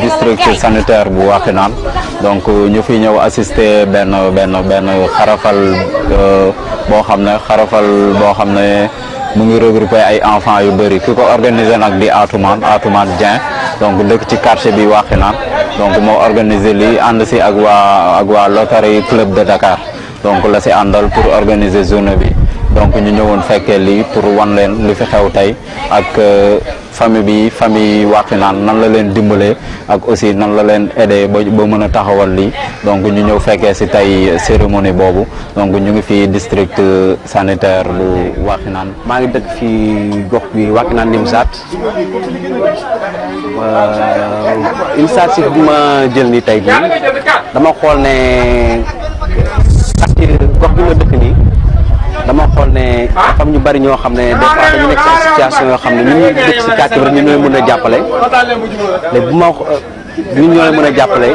district sanitaire bu Wakhinane donc ñu fi ñëw assister benn benn benn xarafal euh, boo xam ne xarafal boo xam ne mu ngi regrouper ay enfants yu bëri ki ko organiser nag di Atoumane Atoumane Dieng donc dëkk ci quartier bi Wakhinane donc moo organiser lii ànd si ak waa ak waa Club de Dakar donc la si àndal pour organiser journée bi. donc ñu ñëwoon fekkee li pour wan leen li fi xew tey ak euh, famille bi famille Wakhinane nan la leen dimbalee ak aussi nan la leen ba ba taxawal donc ñu ñëw si tey cérémonie boobu donc ñu ngi fi district euh, sanitaire bu Wakhinane maa ngi dëkk fi gox bi Wakhinane Nimzatt euh, initiative bi ma jël ni tey jii dama gox bi ma dëkk xam ñu bari ñoo xam ne des fois dañu nekk si situation yoo xam ne ñun ñu dëkk si quartier bi ñooy mën a jàppale léegi bu ma ñun ñooy mën a jàppale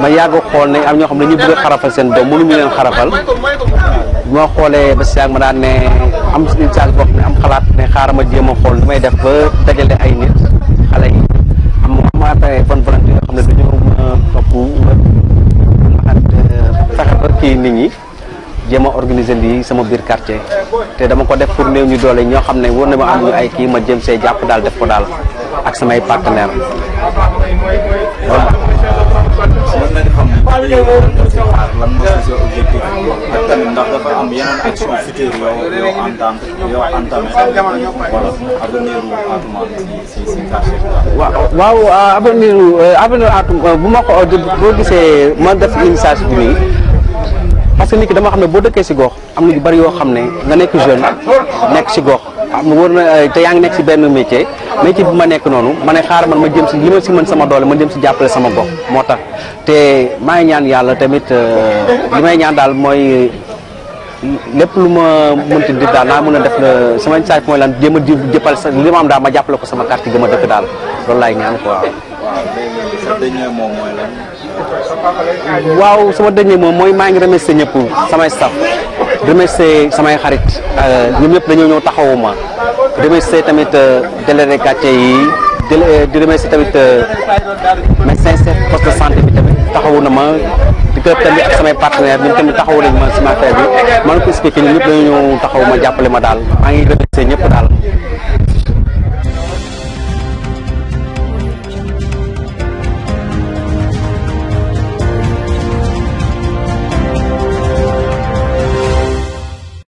ma yàgg xool ne am ñoo xam ne dañuy bëgg a seen doom mënuñu leen xarafal bu ma xoolee ba si yàgg ma daan ne am une chance boo xam ne am xalaat ne xaaral ma jéem xool xool may def ba dajale ay nit xale yi am amaatee bonne volonté yoo xam ne dañoo mën a topp fexe ba kii nit ñi jema organiser li sama bir quartier té dama ko def pour néw ñu doolé ño xamné won na ma am ay ki ma jëm sé japp dal def ko dal ak samay partenaire waaw avenir avenir atum bu ma ko bo gisee ma def initiative parce que nit ki dama xam ne boo dëkkee si gox am na yu bari yoo xam ne nga nekk jeune nekk si gox am wër na euh, te yaa ngi nekk si benn métier métier bi ma nekk noonu ma ne xaaral man ma jëm si li ma si mën sama doole ma jëm si jàppale sama gox moo tax te maa ñaan yàlla tamit euh, li may ñaan daal mooy lépp lu ma mënti di daal naa mën a def la sama saay mooy lan jéem a di jëppal sa li ma am daal ma jàppale ko sama quartier gi ma dëkk daal loolu laay ñaan quoi. waaw waaw sama dernier moom mooy maa ngi remercier ñëpp samay staff remercier samay xarit euh, ñoom ñëpp dañoo ñëw taxawuma remercier tamit euh, délégué quartier yi euh, di remercier tamit médecin chef poste de santé bi tamit taxawu na ma di ko tamit ak samay partenaire ñoom tamit taxawu nañ ma si ma bi ma ko expliqué ñoom ñëpp dañoo ñëw jàppale ma daal maa ngi remercier ñëpp daal